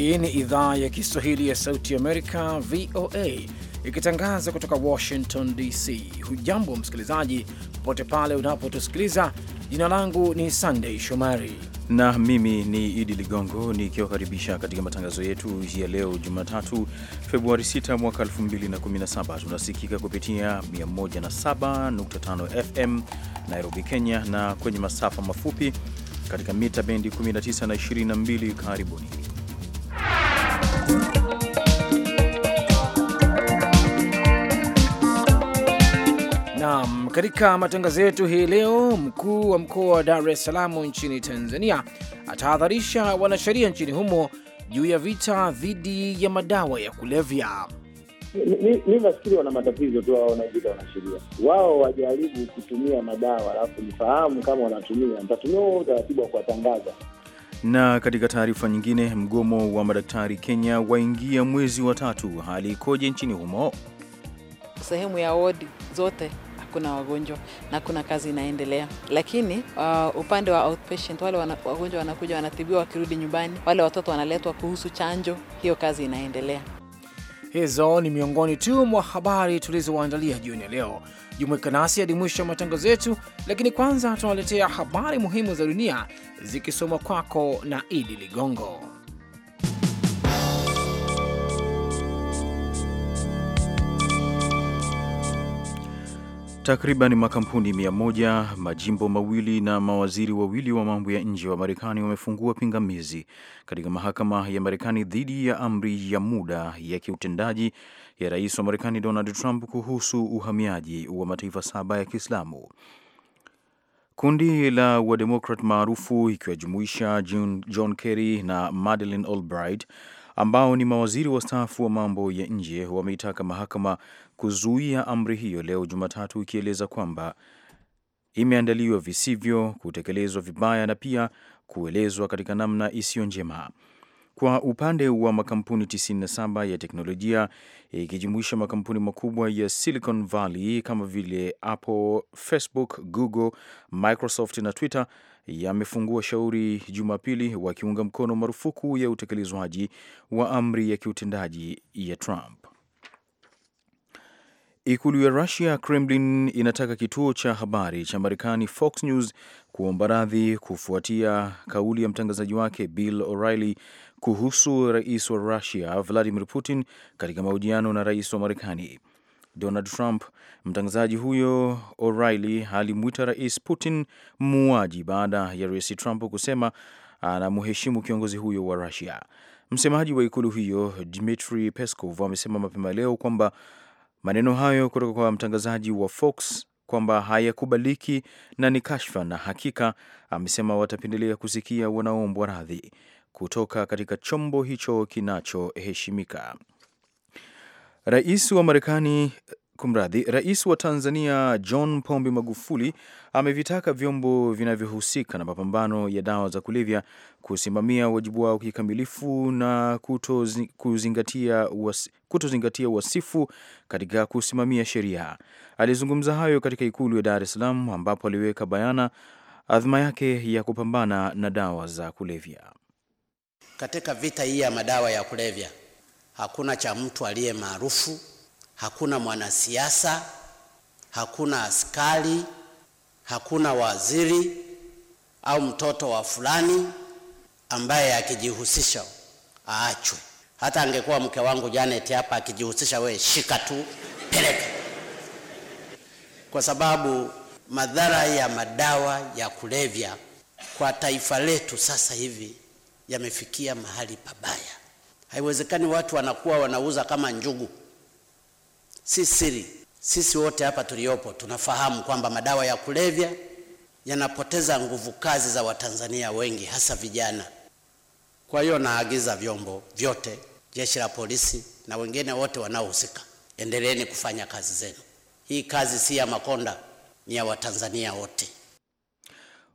Hii ni idhaa ya Kiswahili ya Sauti Amerika, VOA, ikitangaza kutoka Washington DC. Hujambo msikilizaji, popote pale unapotusikiliza. Jina langu ni Sandei Shomari na mimi ni Idi Ligongo nikiwakaribisha katika matangazo yetu ya leo Jumatatu, Februari 6 mwaka 2017. Tunasikika kupitia 107.5 FM Nairobi, Kenya, na kwenye masafa mafupi katika mita bendi 19 na 22. Karibuni. Naam, katika matangazo yetu hii leo, mkuu wa mkoa wa Dar es Salaam nchini Tanzania atahadharisha wanasheria nchini humo juu ya vita dhidi ya madawa ya kulevya. Mi nafikiri wana matatizo tu wao, wanajita wanasheria, wao wajaribu kutumia madawa, alafu nifahamu kama wanatumia, ntatumia huo utaratibu wa kuwatangaza na katika taarifa nyingine, mgomo wa madaktari Kenya waingia mwezi wa tatu. Hali ikoje nchini humo? Sehemu ya wodi zote hakuna wagonjwa na kuna kazi inaendelea, lakini uh, upande wa outpatient wale wana, wagonjwa wanakuja wanatibiwa, wakirudi nyumbani, wale watoto wanaletwa kuhusu chanjo, hiyo kazi inaendelea. Hizo ni miongoni tu mwa habari tulizowaandalia jioni ya leo. Jumuika nasi hadi mwisho wa matangazo yetu, lakini kwanza tunawaletea habari muhimu za dunia zikisomwa kwako na Idi Ligongo. Takriban makampuni mia moja, majimbo mawili na mawaziri wawili wa mambo ya nje wa Marekani wamefungua pingamizi katika mahakama ya Marekani dhidi ya amri ya muda ya kiutendaji ya rais wa Marekani Donald Trump kuhusu uhamiaji wa mataifa saba ya Kiislamu. Kundi la wademokrat maarufu ikiwajumuisha John Kerry na Madeleine Albright ambao ni mawaziri wastaafu wa mambo ya nje wameitaka mahakama kuzuia amri hiyo leo Jumatatu, ikieleza kwamba imeandaliwa visivyo, kutekelezwa vibaya na pia kuelezwa katika namna isiyo njema. Kwa upande wa makampuni 97 ya teknolojia ikijumuisha makampuni makubwa ya Silicon Valley kama vile Apple, Facebook, Google, Microsoft na Twitter yamefungua shauri Jumapili wakiunga mkono marufuku ya utekelezwaji wa amri ya kiutendaji ya Trump. Ikulu ya Russia, Kremlin, inataka kituo cha habari cha Marekani Fox News kuomba radhi kufuatia kauli ya mtangazaji wake Bill O'Reilly kuhusu rais wa Russia Vladimir Putin katika mahojiano na rais wa Marekani. Donald Trump. Mtangazaji huyo O'Reilly alimwita Rais Putin muuaji baada ya Rais Trump kusema anamheshimu kiongozi huyo wa Rusia. Msemaji wa ikulu hiyo Dmitri Peskov amesema mapema leo kwamba maneno hayo kutoka kwa mtangazaji wa Fox kwamba hayakubaliki na ni kashfa, na hakika amesema watapendelea kusikia wanaombwa radhi kutoka katika chombo hicho kinachoheshimika. Rais wa Marekani Kumradhi, rais wa Tanzania John Pombe Magufuli amevitaka vyombo vinavyohusika na mapambano ya dawa za kulevya kusimamia wajibu wao kikamilifu na kutozingatia was, kutozingatia wasifu katika kusimamia sheria. Alizungumza hayo katika Ikulu ya Dar es Salaam ambapo aliweka bayana adhima yake ya kupambana na dawa za kulevya katika vita hii ya madawa ya kulevya hakuna cha mtu aliye maarufu, hakuna mwanasiasa, hakuna askari, hakuna waziri au mtoto wa fulani ambaye akijihusisha aachwe. Hata angekuwa mke wangu Janet hapa akijihusisha, we shika tu, peleka, kwa sababu madhara ya madawa ya kulevya kwa taifa letu sasa hivi yamefikia mahali pabaya. Haiwezekani watu wanakuwa wanauza kama njugu. Si siri, sisi wote hapa tuliopo tunafahamu kwamba madawa ya kulevya yanapoteza nguvu kazi za Watanzania wengi, hasa vijana. Kwa hiyo naagiza vyombo vyote, jeshi la polisi na wengine wote wanaohusika, endeleeni kufanya kazi zenu. Hii kazi si ya Makonda, ni ya Watanzania wote.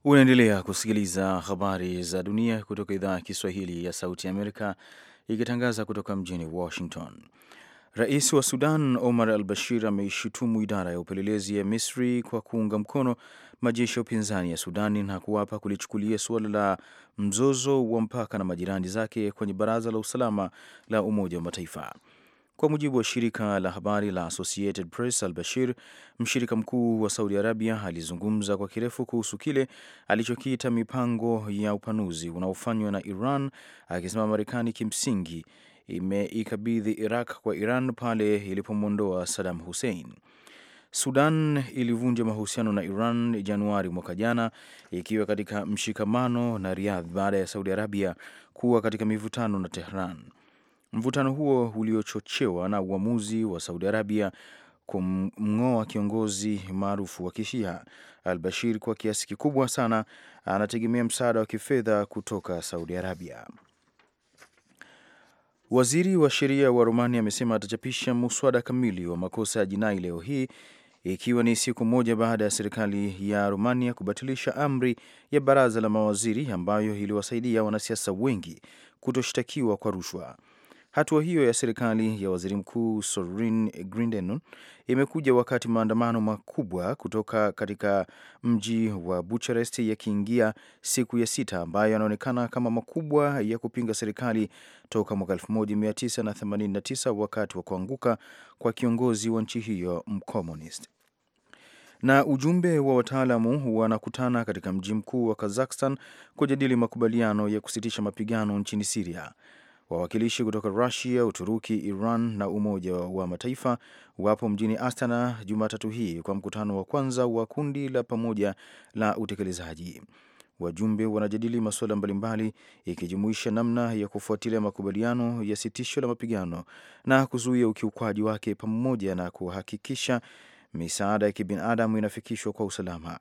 Unaendelea kusikiliza habari za dunia kutoka idhaa ya Kiswahili ya Sauti ya Amerika ikitangaza kutoka mjini Washington. Rais wa Sudan Omar al Bashir ameishutumu idara ya upelelezi ya Misri kwa kuunga mkono majeshi ya upinzani ya Sudani na kuwapa kulichukulia suala la mzozo wa mpaka na majirani zake kwenye Baraza la Usalama la Umoja wa Mataifa. Kwa mujibu wa shirika la habari la Associated Press, Al Bashir, mshirika mkuu wa Saudi Arabia, alizungumza kwa kirefu kuhusu kile alichokiita mipango ya upanuzi unaofanywa na Iran, akisema Marekani kimsingi imeikabidhi Iraq kwa Iran pale ilipomwondoa Saddam Hussein. Sudan ilivunja mahusiano na Iran Januari mwaka jana, ikiwa katika mshikamano na Riyadh baada ya Saudi Arabia kuwa katika mivutano na Tehran. Mvutano huo uliochochewa na uamuzi wa Saudi Arabia kumng'oa kiongozi maarufu wa Kishia al-Bashir kwa kiasi kikubwa sana anategemea msaada wa kifedha kutoka Saudi Arabia. Waziri wa sheria wa Romania amesema atachapisha muswada kamili wa makosa ya jinai leo hii ikiwa ni siku moja baada ya serikali ya Romania kubatilisha amri ya baraza la mawaziri ambayo iliwasaidia wanasiasa wengi kutoshtakiwa kwa rushwa. Hatua hiyo ya serikali ya waziri mkuu Sorin grinden imekuja wakati maandamano makubwa kutoka katika mji wa Bucharest yakiingia siku ya sita ambayo yanaonekana kama makubwa ya kupinga serikali toka mwaka 1989 wakati wa kuanguka kwa kiongozi wa nchi hiyo mkomunisti na ujumbe wa wataalamu wanakutana katika mji mkuu wa Kazakhstan kujadili makubaliano ya kusitisha mapigano nchini Siria. Wawakilishi kutoka Rusia, Uturuki, Iran na Umoja wa Mataifa wapo mjini Astana Jumatatu hii kwa mkutano wa kwanza wa kundi la pamoja la utekelezaji. Wajumbe wanajadili masuala mbalimbali ikijumuisha namna ya kufuatilia makubaliano ya sitisho la mapigano na kuzuia ukiukwaji wake pamoja na kuhakikisha misaada ya kibinadamu inafikishwa kwa usalama.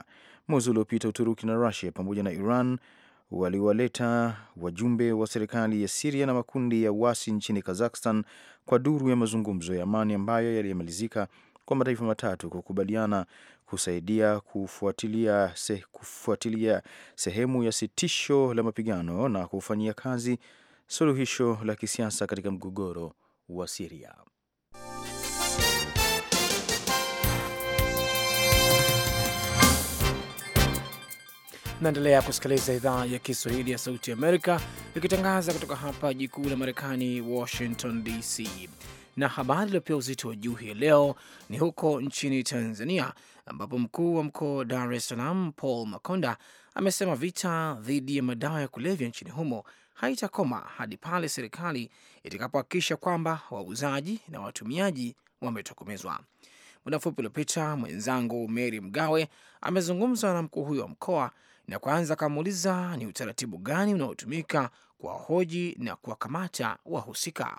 Mwezi uliopita Uturuki na Rusia pamoja na Iran waliwaleta wajumbe wa serikali ya Siria na makundi ya uasi nchini Kazakhstan kwa duru ya mazungumzo ya amani ambayo yaliyemalizika kwa mataifa matatu kukubaliana kusaidia kufuatilia, se, kufuatilia sehemu ya sitisho la mapigano na kufanyia kazi suluhisho la kisiasa katika mgogoro wa Siria. Naendelea kusikiliza idhaa ya Kiswahili ya Sauti Amerika ikitangaza kutoka hapa jikuu la Marekani, Washington DC. Na habari iliyopewa uzito wa juu hii leo ni huko nchini Tanzania, ambapo mkuu wa mkoa Dar es Salaam Paul Makonda amesema vita dhidi ya madawa ya kulevya nchini humo haitakoma hadi pale serikali itakapohakikisha kwamba wauzaji na watumiaji wametokomezwa. Muda mfupi uliopita, mwenzangu Mary Mgawe amezungumza na mkuu huyo wa mkoa na kwanza akamuuliza ni utaratibu gani unaotumika kuwahoji na kuwakamata wahusika.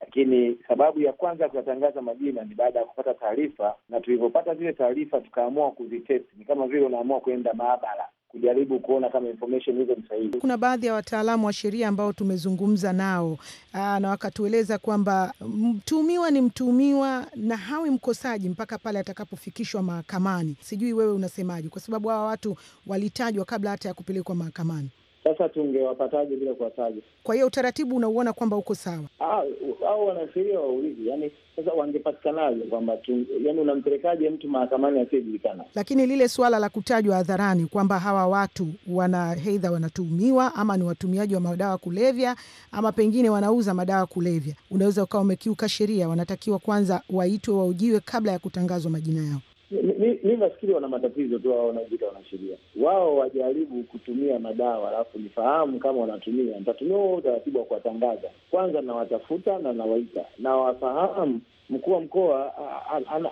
Lakini sababu ya kwanza kuyatangaza majina ni baada ya kupata taarifa, na tulivyopata zile taarifa tukaamua kuzitesti. Ni kama vile unaamua kuenda maabara kujaribu kuona kama information hizo ni sahihi. Kuna baadhi ya wataalamu wa sheria ambao tumezungumza nao aa, ah, na wakatueleza kwamba mtuhumiwa ni mtuhumiwa na hawi mkosaji mpaka pale atakapofikishwa mahakamani. Sijui wewe unasemaje, kwa sababu hawa watu walitajwa kabla hata ya kupelekwa mahakamani. Sasa tungewapataje bila kuwataja? Kwa hiyo utaratibu unauona kwamba uko sawa ah, au wanasheria waulizi, yani sasa wangepatikanaje? Kwamba yani unampelekaje mtu mahakamani asiyejulikana? Lakini lile suala la kutajwa hadharani kwamba hawa watu wana heidha wanatuhumiwa ama ni watumiaji wa madawa kulevya ama pengine wanauza madawa kulevya, unaweza ukawa umekiuka sheria. Wanatakiwa kwanza waitwe, waujiwe kabla ya kutangazwa majina yao. Mi nafikiri wana matatizo tu wao, wanaojiita wanasheria. Wao wajaribu kutumia madawa alafu nifahamu kama wanatumia, nitatumia huo utaratibu wa kuwatangaza. Kwanza nawatafuta na nawaita na wafahamu mkuu wa mkoa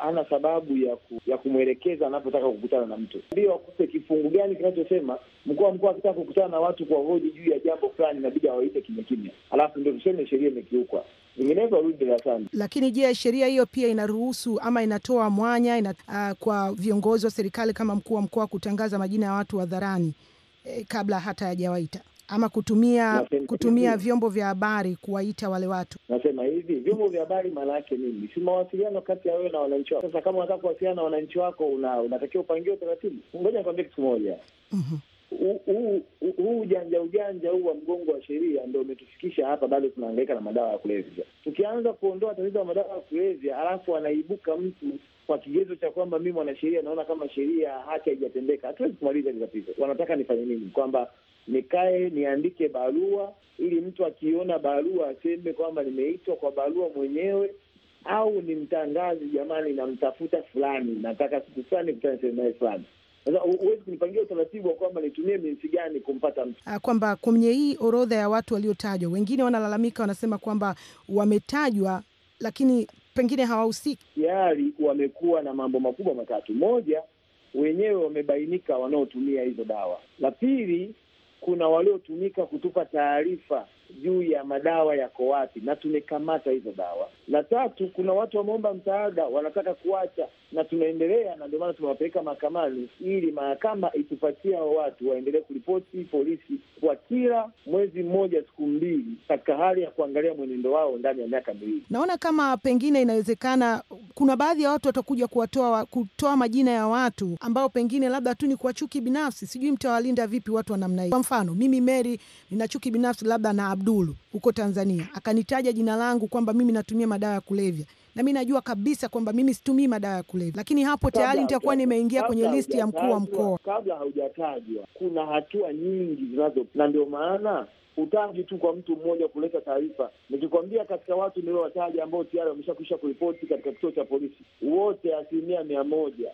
ana sababu ya ku, ya kumwelekeza anapotaka kukutana na mtu, ndio akupe kifungu gani kinachosema mkuu wa mkoa akitaka kukutana na watu kwa hoji juu ya jambo fulani, inabidi awaite kimya kimya, alafu ndio tuseme sheria imekiukwa vinginevyo warudi darasani. Lakini je, sheria hiyo pia inaruhusu ama inatoa mwanya ina, uh, kwa viongozi wa serikali kama mkuu wa mkoa kutangaza majina ya watu hadharani eh, kabla hata hajawaita ama kutumia kutumia vyombo vya habari kuwaita wale watu. Nasema hivi vyombo vya habari maana yake nini? Si mawasiliano kati ya wewe na wananchi wako. Sasa kama unataka kuwasiliana na wananchi wako, unatakiwa una upangiwe utaratibu. Ngoja nikwambie kitu kimoja. mm -hmm huu ujanja ujanja huu wa mgongo wa sheria ndo umetufikisha hapa, bado tunaangaika na madawa ya kulevya. Tukianza kuondoa tatizo la madawa ya kulevya, halafu anaibuka mtu kwa kigezo cha kwamba mi mwanasheria naona kama sheria haki haijatendeka, hatuwezi kumaliza hili tatizo. Wanataka nifanye nini? Kwamba nikae niandike barua ili mtu akiona barua aseme kwamba nimeitwa kwa barua mwenyewe au ni mtangazi, jamani, namtafuta fulani, nataka siku fulani kutana sehemu naye fulani. Sasa huwezi kunipangia utaratibu wa kwamba nitumie minsi gani kumpata mtu, ah, kwamba kwenye hii orodha ya watu waliotajwa, wengine wanalalamika, wanasema kwamba wametajwa lakini pengine hawahusiki. Tayari wamekuwa na mambo makubwa matatu: moja, wenyewe wamebainika wanaotumia hizo dawa; la pili, kuna waliotumika kutupa taarifa juu ya madawa yako wapi, na tumekamata hizo dawa. La tatu, kuna watu wameomba msaada, wanataka kuacha, na tunaendelea, na ndio maana tumewapeleka mahakamani ili mahakama itupatie hao watu waendelee kuripoti polisi kwa kila mwezi mmoja, siku mbili, katika hali ya kuangalia mwenendo wao ndani ya miaka miwili. Naona kama pengine inawezekana kuna baadhi ya watu watakuja kuwatoa kutoa majina ya watu ambao pengine labda tu ni kwa chuki binafsi. Sijui mtawalinda vipi watu wa namna hii? Kwa mfano mimi Mary nina chuki binafsi labda na Abdulu huko Tanzania akanitaja jina langu kwamba mimi natumia madawa ya kulevya na mimi najua kabisa kwamba mimi situmii madawa ya kulevya, lakini hapo tayari nitakuwa nimeingia kwenye listi ya mkuu wa mkoa. Kabla haujatajwa, kuna hatua nyingi zinazo, na ndio maana hutaji tu kwa mtu mmoja kuleta taarifa. Nikikwambia katika watu niliowataja ambao tayari wameshakwisha kuripoti katika kituo cha polisi, wote asilimia mia moja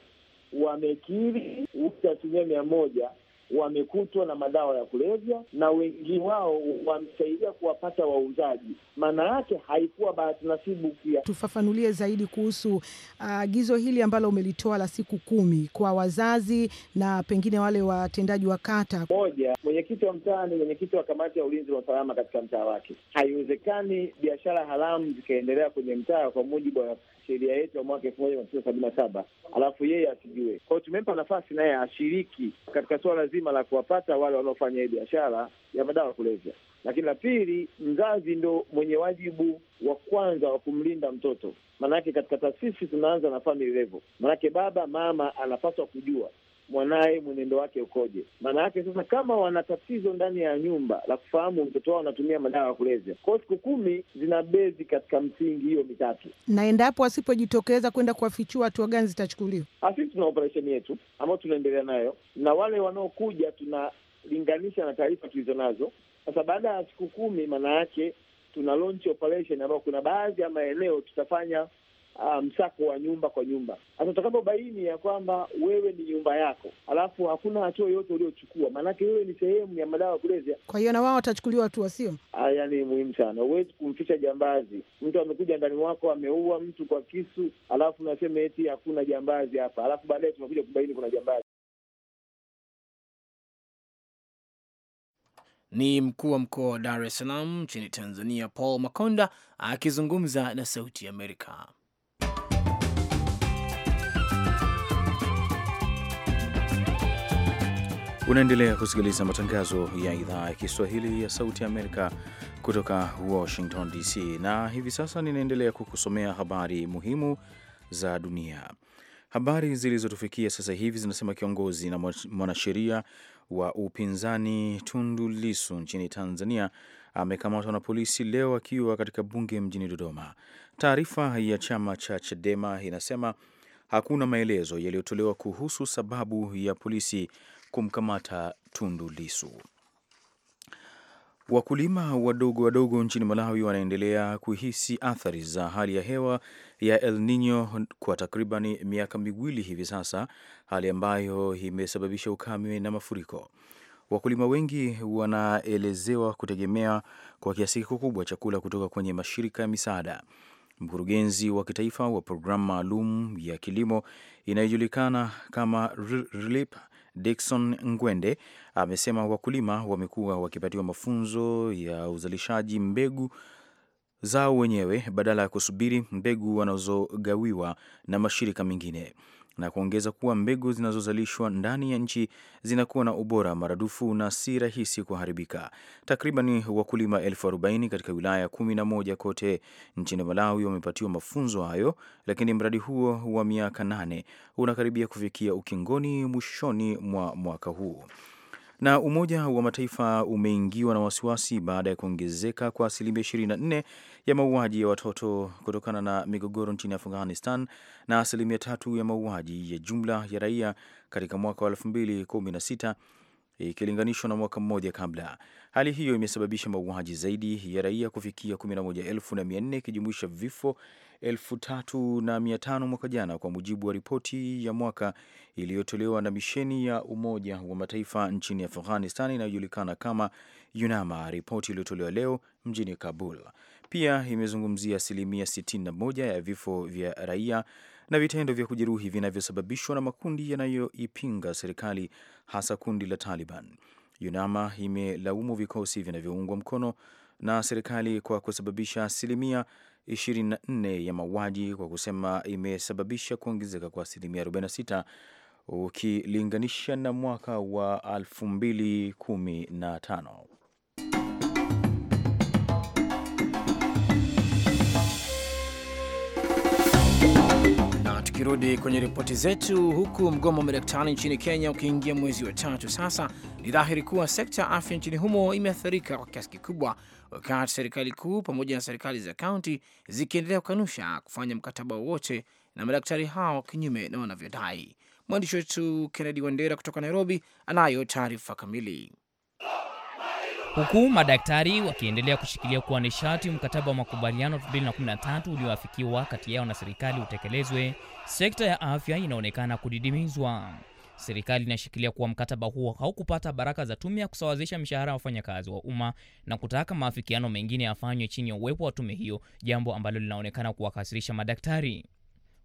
wamekiri, wote asilimia mia moja wamekutwa na madawa ya kulevya na wengi wao wamsaidia kuwapata wauzaji. Maana yake haikuwa bahati nasibu. Pia tufafanulie zaidi kuhusu uh, agizo uh, hili ambalo umelitoa la siku kumi kwa wazazi na pengine wale watendaji wa kata. Moja, mwenyekiti wa mtaa ni mwenyekiti wa kamati ya ulinzi na usalama katika mtaa wake. Haiwezekani biashara haramu zikaendelea kwenye mtaa kwa mujibu wa sheria yetu ya mwaka elfu moja mia tisa sabini na saba alafu yeye asijue. Kwa hiyo tumempa nafasi naye ashiriki katika suala zima la kuwapata wale wanaofanya hii biashara ya madawa kulevya. Lakini la pili, mzazi ndo mwenye wajibu wa kwanza wa kumlinda mtoto. Maanake katika taasisi tunaanza na family level, maanake baba mama anapaswa kujua mwanaye mwenendo wake ukoje. Maana yake sasa, kama wana tatizo ndani ya nyumba la kufahamu mtoto wao anatumia madawa ya kulevya, kwao siku kumi zina bezi katika msingi hiyo mitatu, na endapo wasipojitokeza kwenda kuwafichua, hatua gani zitachukuliwa? Ah, sisi tuna operesheni yetu ambayo tunaendelea nayo, na wale wanaokuja tunalinganisha na taarifa tulizo nazo. Sasa baada ya siku kumi, maana yake tuna launch operation ambayo kuna baadhi ya maeneo tutafanya uh, um, msako wa nyumba kwa nyumba. Hasa utakapobaini ya kwamba wewe ni nyumba yako, alafu hakuna hatua yoyote uliochukua, maanake wewe ni sehemu ya madawa ya kulevya. Kwa hiyo na wao watachukuliwa hatua, sio? Haya ah, ni muhimu sana. Huwezi kumficha jambazi. Mtu amekuja ndani mwako ameua mtu kwa kisu, alafu unasema eti hakuna jambazi hapa, alafu baadaye tunakuja kubaini kuna jambazi. Ni mkuu wa mkoa wa Dar es Salaam nchini Tanzania, Paul Makonda akizungumza na Sauti ya Amerika. Unaendelea kusikiliza matangazo ya idhaa ya Kiswahili ya Sauti Amerika kutoka Washington DC, na hivi sasa ninaendelea kukusomea habari muhimu za dunia. Habari zilizotufikia sasa hivi zinasema kiongozi na mwanasheria wa upinzani Tundu Lisu nchini Tanzania amekamatwa na polisi leo akiwa katika bunge mjini Dodoma. Taarifa ya chama cha Chadema inasema hakuna maelezo yaliyotolewa kuhusu sababu ya polisi kumkamata Tundu Lisu. Wakulima wadogo wadogo nchini Malawi wanaendelea kuhisi athari za hali ya hewa ya El Nino kwa takriban miaka miwili hivi sasa, hali ambayo imesababisha ukame na mafuriko. Wakulima wengi wanaelezewa kutegemea kwa kiasi kikubwa chakula kutoka kwenye mashirika ya misaada. Mkurugenzi wa kitaifa wa programu maalum ya kilimo inayojulikana kama RILIP Dickson Ngwende amesema wakulima wamekuwa wakipatiwa mafunzo ya uzalishaji mbegu zao wenyewe badala ya kusubiri mbegu wanazogawiwa na mashirika mengine na kuongeza kuwa mbegu zinazozalishwa ndani ya nchi zinakuwa na ubora maradufu na si rahisi kuharibika. Takriban wakulima elfu arobaini katika wilaya kumi na moja kote nchini Malawi wamepatiwa mafunzo hayo, lakini mradi huo wa miaka nane unakaribia kufikia ukingoni mwishoni mwa mwaka huu. Na Umoja wa Mataifa umeingiwa na wasiwasi baada ya kuongezeka kwa asilimia 24 ya mauaji ya watoto kutokana na migogoro nchini Afghanistan na asilimia tatu ya mauaji ya jumla ya raia katika mwaka wa sita ikilinganishwa na mwaka mmoja kabla. Hali hiyo imesababisha mauaji zaidi ya raia kufikia 11,400 ikijumuisha vifo 3,500 mwaka jana, kwa mujibu wa ripoti ya mwaka iliyotolewa na misheni ya Umoja wa Mataifa nchini Afghanistan inayojulikana kama UNAMA. Ripoti iliyotolewa leo mjini Kabul pia imezungumzia asilimia 61 ya vifo vya raia na vitendo vya kujeruhi vinavyosababishwa na makundi yanayoipinga serikali hasa kundi la Taliban. Yunama imelaumu vikosi vinavyoungwa mkono na serikali kwa kusababisha asilimia 24 ya mauaji kwa kusema imesababisha kuongezeka kwa asilimia 46 ukilinganisha na mwaka wa 2015. Tukirudi kwenye ripoti zetu, huku mgomo wa madaktari nchini Kenya ukiingia mwezi wa tatu sasa, ni dhahiri kuwa sekta ya afya nchini humo imeathirika kwa kiasi kikubwa, wakati serikali kuu pamoja na serikali za kaunti zikiendelea kukanusha kufanya mkataba wowote na madaktari hao, kinyume na wanavyodai. Mwandishi wetu Kennedy Wandera kutoka Nairobi anayo taarifa kamili huku madaktari wakiendelea kushikilia kuwa nishati mkataba wa makubaliano 2013 ulioafikiwa kati yao na serikali utekelezwe, sekta ya afya inaonekana kudidimizwa. Serikali inashikilia kuwa mkataba huo haukupata baraka za tume ya kusawazisha mishahara ya wafanyakazi wa umma na kutaka maafikiano mengine yafanywe chini ya uwepo wa tume hiyo, jambo ambalo linaonekana kuwakasirisha madaktari.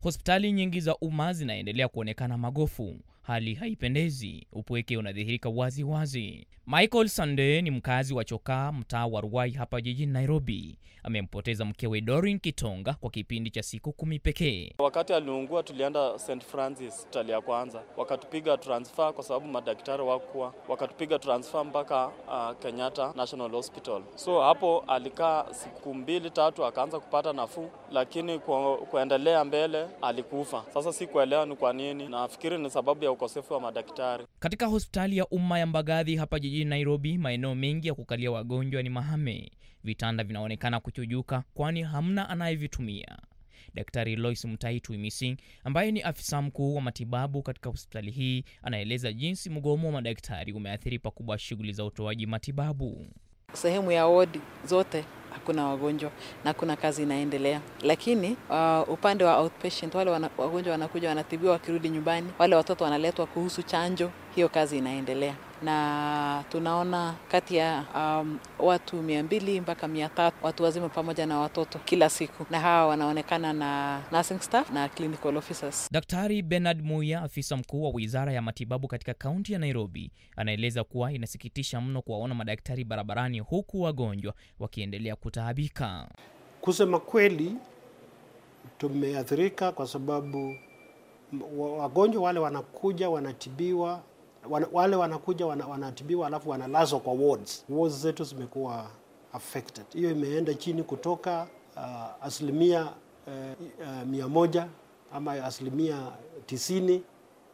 Hospitali nyingi za umma zinaendelea kuonekana magofu. Hali haipendezi, upweke unadhihirika wazi wazi. Michael sande ni mkazi wa Chokaa, mtaa wa Ruai hapa jijini Nairobi. Amempoteza mkewe Dorin Kitonga kwa kipindi cha siku kumi pekee. Wakati aliungua, tulienda St Francis hospitali ya kwanza, wakatupiga transfer kwa sababu madaktari wakuwa, wakatupiga transfer mpaka uh, Kenyatta National Hospital. So hapo alikaa siku mbili tatu, akaanza kupata nafuu, lakini kuendelea mbele alikufa. Sasa sikuelewa ni kwa nini, nafikiri ni sababu ya ukosefu wa madaktari. Katika hospitali ya umma ya Mbagathi hapa jijini Nairobi, maeneo mengi ya kukalia wagonjwa ni mahame. Vitanda vinaonekana kuchujuka, kwani hamna anayevitumia. Daktari Lois Mutahi Tuimisi, ambaye ni afisa mkuu wa matibabu katika hospitali hii anaeleza jinsi mgomo wa madaktari umeathiri pakubwa shughuli za utoaji matibabu. Sehemu ya wodi zote hakuna wagonjwa na kuna kazi inaendelea. Lakini uh, upande wa outpatient, wale wana, wagonjwa wanakuja wanatibiwa, wakirudi nyumbani, wale watoto wanaletwa kuhusu chanjo, hiyo kazi inaendelea na tunaona kati ya um, watu mia mbili mpaka mia tatu watu wazima pamoja na watoto kila siku, na hawa wanaonekana na nursing staff na clinical officers. Daktari Bernard Muya, afisa mkuu wa wizara ya matibabu katika kaunti ya Nairobi, anaeleza kuwa inasikitisha mno kuwaona madaktari barabarani huku wagonjwa wakiendelea kutaabika. Kusema kweli, tumeathirika kwa sababu wagonjwa wale wanakuja wanatibiwa wana, wale wanakuja wana, wanatibiwa alafu wanalazwa kwa wards. Wards zetu zimekuwa affected. Hiyo imeenda chini kutoka uh, asilimia uh, uh, mia moja ama asilimia tisini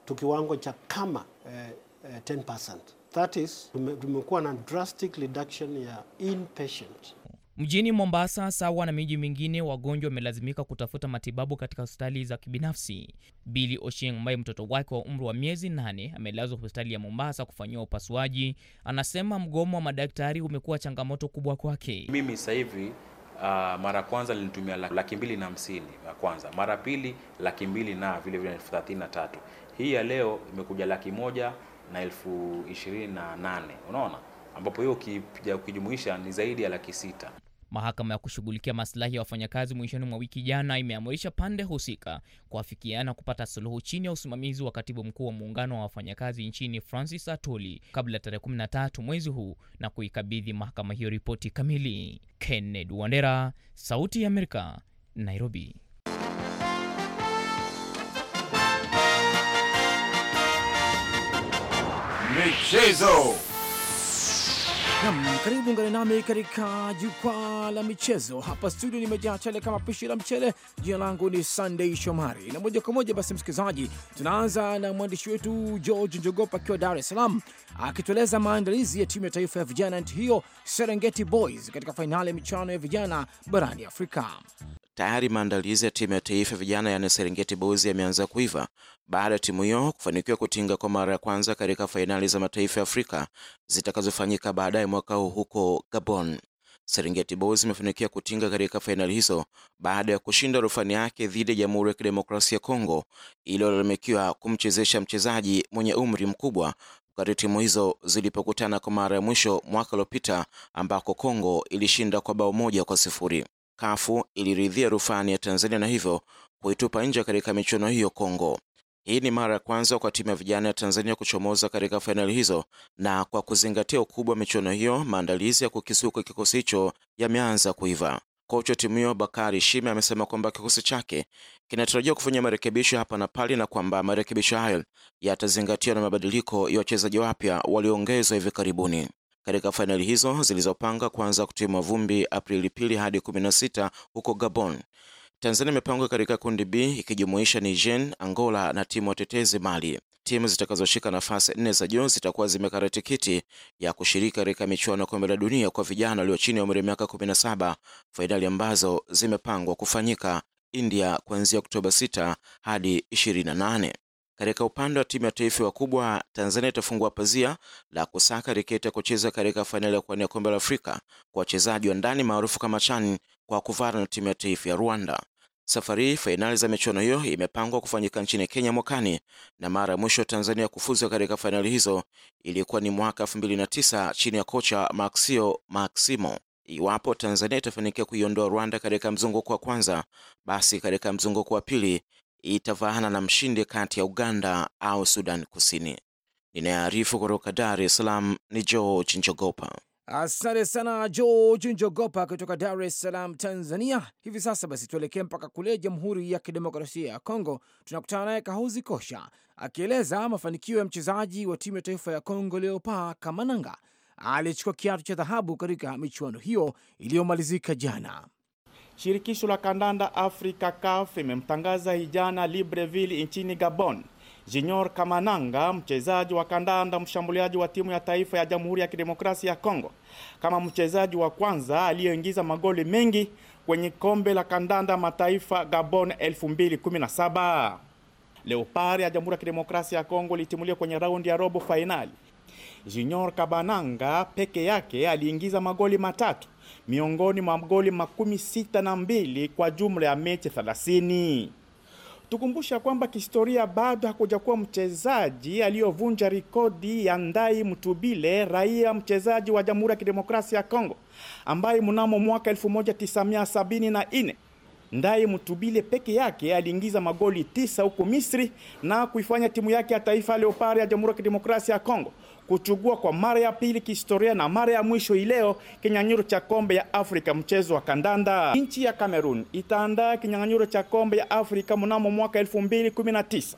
tu kiwango cha kama uh, uh, 10%. That is tumekuwa na drastic reduction ya inpatient Mjini Mombasa, sawa na miji mingine, wagonjwa wamelazimika kutafuta matibabu katika hospitali za kibinafsi. Bili Ochieng ambaye mtoto wake wa umri wa miezi nane amelazwa hospitali ya Mombasa kufanyiwa upasuaji, anasema mgomo wa madaktari umekuwa changamoto kubwa kwake. Mimi sasa hivi Uh, mara kwanza linitumia laki mbili na hamsini ya kwanza, mara pili laki mbili na vile vile elfu thelathini na tatu. Hii ya leo imekuja laki moja na elfu ishirini na nane unaona, ambapo hiyo ukijumuisha ni zaidi ya laki sita. Mahakama ya kushughulikia maslahi ya wafanyakazi mwishoni mwa wiki jana imeamurisha pande husika kuafikiana kupata suluhu chini ya usimamizi wa katibu mkuu wa muungano wa wafanyakazi nchini Francis atoli kabla kumi tarehe 13 mwezi huu na kuikabidhi mahakama hiyo ripoti kamili. kenned Wandera, Sauti ya Amerika, Nairobi. Michezo. Nam, karibu ngani nami katika jukwaa la michezo hapa studio. Nimejaa chele kama pishi la mchele. Jina langu ni Sunday Shomari, na moja kwa moja basi, msikilizaji, tunaanza na mwandishi wetu George Njogopa akiwa Dar es Salaam akitueleza maandalizi ya timu ya taifa ya vijana nchi hiyo Serengeti Boys katika fainali ya michuano ya vijana barani Afrika. Tayari maandalizi ya timu ya taifa vijana yani Serengeti Boys yameanza kuiva baada ya timu hiyo kufanikiwa kutinga kwa mara ya kwanza katika fainali za mataifa ya Afrika zitakazofanyika baadaye mwaka huu huko Gabon. Serengeti Boys imefanikiwa kutinga katika fainali hizo baada ya kushinda rufani yake dhidi ya Jamhuri ya Kidemokrasia ya Kongo iliyolalamikiwa kumchezesha mchezaji mwenye umri mkubwa wakati timu hizo zilipokutana kwa mara ya mwisho mwaka uliopita ambako Kongo ilishinda kwa bao moja kwa sifuri kafu iliridhia rufani ya Tanzania na hivyo kuitupa nje katika michuano hiyo Kongo. Hii ni mara ya kwanza kwa timu ya vijana ya Tanzania kuchomoza katika fainali hizo, na kwa kuzingatia ukubwa wa michuano hiyo, maandalizi ya kukisuka kikosi hicho yameanza kuiva. Kocha timu hiyo Bakari Shime amesema kwamba kikosi chake kinatarajiwa kufanya marekebisho hapa na pale na kwamba marekebisho hayo yatazingatiwa na mabadiliko ya wachezaji wapya walioongezwa hivi karibuni katika fainali hizo zilizopanga kuanza kutimwa vumbi Aprili pili hadi 16 huko Gabon. Tanzania imepangwa katika kundi B ikijumuisha Niger, Angola na timu watetezi Mali. Timu zitakazoshika nafasi nne za juu zitakuwa zimekata tikiti ya kushiriki katika michuano ya kombe la dunia kwa vijana walio chini ya umri wa miaka 17, fainali ambazo zimepangwa kufanyika India kuanzia Oktoba 6 hadi 28. Katika upande wa timu ya taifa wakubwa, Tanzania itafungua pazia la kusaka tiketi ya kucheza katika fainali ya kuwania kombe la Afrika kwa wachezaji wa ndani maarufu kama CHAN kwa kuvana na timu ya taifa ya Rwanda. Safari hii fainali za michuano hiyo imepangwa kufanyika nchini Kenya mwakani, na mara ya mwisho Tanzania kufuza katika fainali hizo ilikuwa ni mwaka 2009 chini ya kocha Maxio Maximo. Iwapo Tanzania itafanikiwa kuiondoa Rwanda katika mzunguko wa kwanza, basi katika mzunguko wa pili itavaana na mshindi kati ya Uganda au Sudan Kusini. Ninayearifu kutoka Dar es Salaam ni George Njogopa. Asante sana George Njogopa kutoka Dar es Salaam, Tanzania. Hivi sasa basi, tuelekee mpaka kule Jamhuri ya Kidemokrasia ya Kongo. Tunakutana naye Kahuzi Kosha akieleza mafanikio ya mchezaji wa timu ya taifa ya Kongo Leopa Kamananga aliyechukua kiatu cha dhahabu katika michuano hiyo iliyomalizika jana. Shirikisho la kandanda Afrika CAF imemtangaza hijana Libreville nchini Gabon Junior Kamananga, mchezaji wa kandanda mshambuliaji wa timu ya taifa ya Jamhuri ya Kidemokrasia ya Kongo, kama mchezaji wa kwanza aliyeingiza magoli mengi kwenye kombe la kandanda mataifa Gabon 2017. Leopard ya Jamhuri ya Kidemokrasia ya Kongo ilitimuliwa kwenye raundi ya robo fainali Junior Kabananga peke yake aliingiza magoli matatu miongoni mwa magoli makumi sita na mbili kwa jumla ya mechi 30. Tukumbusha kwamba kihistoria bado hakujakuwa mchezaji aliyovunja rekodi ya Ndai Mtubile, raia mchezaji wa Jamhuri ya Kidemokrasia ya Kongo, ambaye mnamo mwaka 1974 Ndai Mtubile peke yake aliingiza magoli tisa huko Misri na kuifanya timu yake ya taifa Leopard ya Jamhuri ya Kidemokrasia ya Kongo kuchugua kwa mara ya pili kihistoria na mara ya mwisho ileo kinyang'anyiro cha kombe ya Afrika mchezo wa kandanda. Nchi ya Cameroon itaandaa kinyang'anyiro cha kombe ya Afrika mnamo mwaka 2019.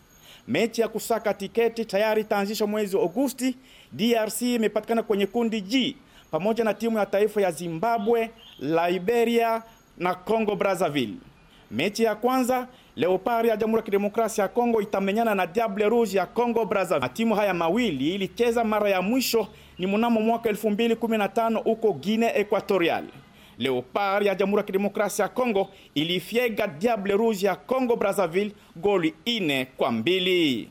Mechi ya kusaka tiketi tayari itaanzishwa mwezi wa Agosti. DRC imepatikana kwenye kundi G pamoja na timu ya taifa ya Zimbabwe, Liberia na Congo Brazzaville. Mechi ya kwanza Leopard ya Jamhuri ya Kidemokrasia ya Kongo itamenyana na Diable Rouge ya Kongo Brazzaville. Timu haya mawili ilicheza mara ya mwisho ni mnamo mwaka 2015 huko Guinea Equatorial. Leopard ya Jamhuri ya Kidemokrasia ya Kongo ilifyega Diable Rouge ya Kongo Brazzaville goli ine kwa mbili.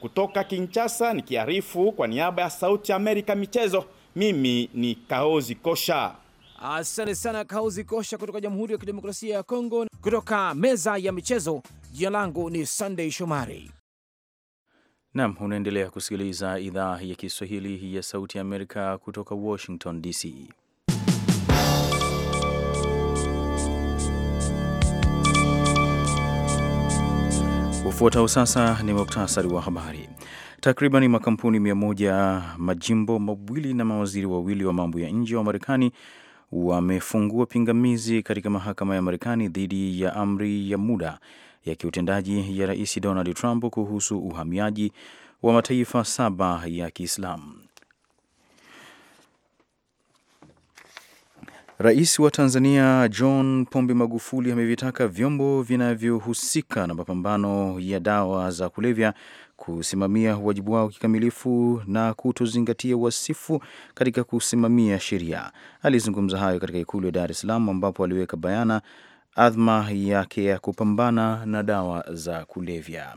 Kutoka Kinshasa nikiarifu kwa niaba ya Sauti ya Amerika michezo, mimi ni Kaozi Kosha. Asante sana Kauzi Kosha kutoka Jamhuri ya Kidemokrasia ya Kongo. Kutoka meza ya michezo, jina langu ni Sunday Shomari. Nam, unaendelea kusikiliza idhaa ya Kiswahili ya Sauti ya Amerika kutoka Washington DC. Ufuatao sasa ni muktasari wa habari. Takriban makampuni mia moja, majimbo mawili na mawaziri wawili wa mambo ya nje wa Marekani wamefungua pingamizi katika mahakama ya Marekani dhidi ya amri ya muda ya kiutendaji ya Rais Donald Trump kuhusu uhamiaji wa mataifa saba ya Kiislamu. Rais wa Tanzania John Pombe Magufuli amevitaka vyombo vinavyohusika na mapambano ya dawa za kulevya kusimamia wajibu wao kikamilifu na kutozingatia wasifu katika kusimamia sheria. Alizungumza hayo katika ikulu ya Dar es Salaam ambapo aliweka bayana adhma yake ya kupambana na dawa za kulevya.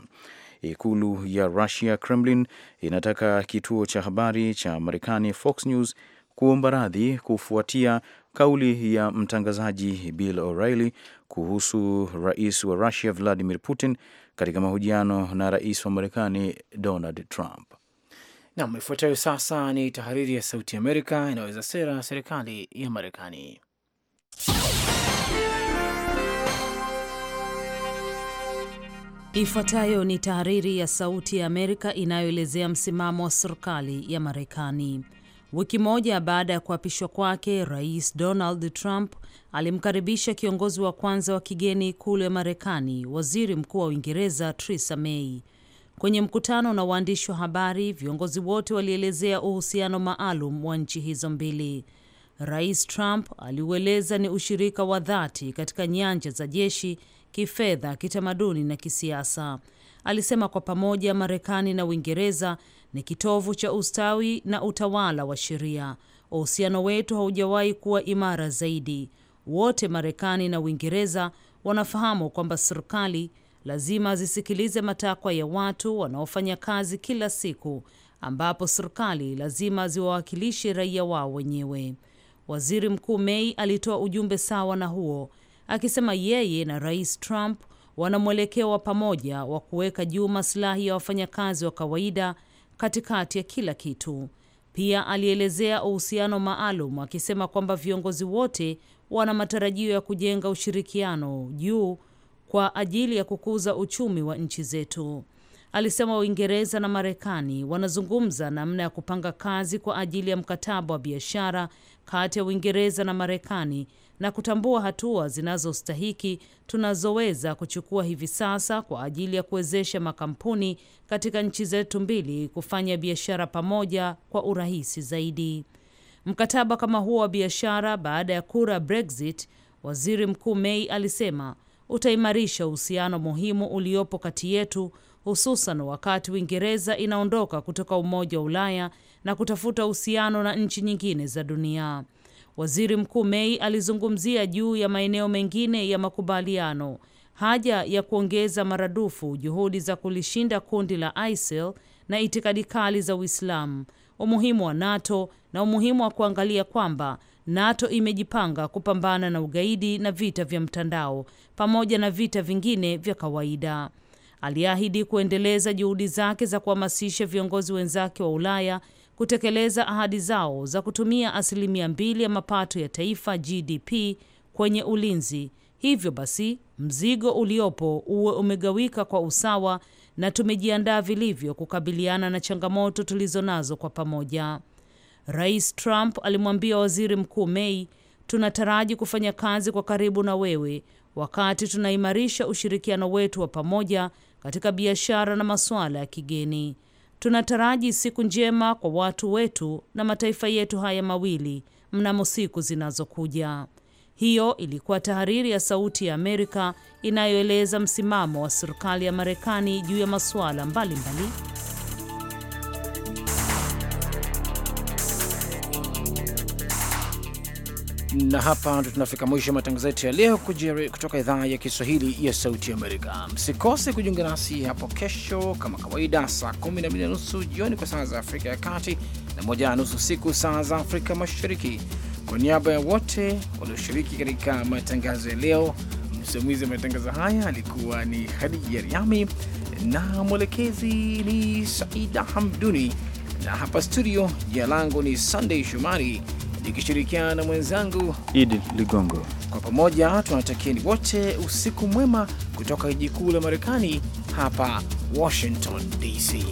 Ikulu ya Russia, Kremlin, inataka kituo cha habari cha Marekani Fox News kuomba radhi kufuatia kauli ya mtangazaji Bill O'Reilly kuhusu rais wa Russia Vladimir Putin katika mahojiano na rais wa Marekani Donald Trump. Nam ifuatayo sasa ni tahariri ya Sauti Amerika inaweza sera serikali ya Marekani. Ifuatayo ni tahariri ya Sauti ya Amerika inayoelezea msimamo wa serikali ya Marekani. Wiki moja baada ya kuapishwa kwake, Rais Donald Trump alimkaribisha kiongozi wa kwanza wa kigeni ikulu ya Marekani, Waziri Mkuu wa Uingereza Theresa May. Kwenye mkutano na waandishi wa habari, viongozi wote walielezea uhusiano maalum wa nchi hizo mbili. Rais Trump aliueleza ni ushirika wa dhati katika nyanja za jeshi, kifedha, kitamaduni na kisiasa. Alisema kwa pamoja Marekani na Uingereza ni kitovu cha ustawi na utawala wa sheria. Uhusiano wetu haujawahi kuwa imara zaidi. Wote Marekani na Uingereza wanafahamu kwamba serikali lazima zisikilize matakwa ya watu wanaofanya kazi kila siku, ambapo serikali lazima ziwawakilishe raia wao wenyewe. Waziri Mkuu Mei alitoa ujumbe sawa na huo, akisema yeye na Rais Trump wana mwelekeo wa pamoja wa kuweka juu masilahi ya wafanyakazi wa kawaida katikati ya kila kitu. Pia alielezea uhusiano maalum akisema kwamba viongozi wote wana matarajio ya kujenga ushirikiano juu kwa ajili ya kukuza uchumi wa nchi zetu. Alisema Uingereza na Marekani wanazungumza namna ya kupanga kazi kwa ajili ya mkataba wa biashara kati ya Uingereza na Marekani na kutambua hatua zinazostahiki tunazoweza kuchukua hivi sasa kwa ajili ya kuwezesha makampuni katika nchi zetu mbili kufanya biashara pamoja kwa urahisi zaidi. Mkataba kama huo wa biashara, baada ya kura Brexit, Waziri Mkuu May alisema utaimarisha uhusiano muhimu uliopo kati yetu, hususan wakati Uingereza inaondoka kutoka Umoja wa Ulaya na kutafuta uhusiano na nchi nyingine za dunia. Waziri Mkuu Mei alizungumzia juu ya maeneo mengine ya makubaliano, haja ya kuongeza maradufu juhudi za kulishinda kundi la ISIL na itikadi kali za Uislamu, umuhimu wa NATO na umuhimu wa kuangalia kwamba NATO imejipanga kupambana na ugaidi na vita vya mtandao pamoja na vita vingine vya kawaida. Aliahidi kuendeleza juhudi zake za kuhamasisha viongozi wenzake wa Ulaya kutekeleza ahadi zao za kutumia asilimia mbili ya mapato ya taifa GDP kwenye ulinzi. Hivyo basi, mzigo uliopo uwe umegawika kwa usawa na tumejiandaa vilivyo kukabiliana na changamoto tulizo nazo kwa pamoja. Rais Trump alimwambia Waziri Mkuu Mei, tunataraji kufanya kazi kwa karibu na wewe wakati tunaimarisha ushirikiano wetu wa pamoja katika biashara na masuala ya kigeni. Tunataraji siku njema kwa watu wetu na mataifa yetu haya mawili mnamo siku zinazokuja. Hiyo ilikuwa tahariri ya Sauti ya Amerika inayoeleza msimamo wa serikali ya Marekani juu ya masuala mbalimbali. na hapa ndo tunafika mwisho wa matangazo yetu ya leo kutoka idhaa ya Kiswahili ya Sauti Amerika. Msikose kujiunga nasi hapo kesho kama kawaida, saa 12 na nusu jioni kwa saa za Afrika ya Kati na moja na nusu siku saa za Afrika Mashariki. Kwa niaba ya wote walioshiriki katika matangazo ya leo, msimamizi wa matangazo haya alikuwa ni Hadija Riami na mwelekezi ni Saida Hamduni, na hapa studio, jina langu ni Sunday Shomari nikishirikiana na mwenzangu Idi Ligongo. Kwa pamoja tunatakieni wote usiku mwema kutoka jiji kuu la Marekani hapa Washington DC.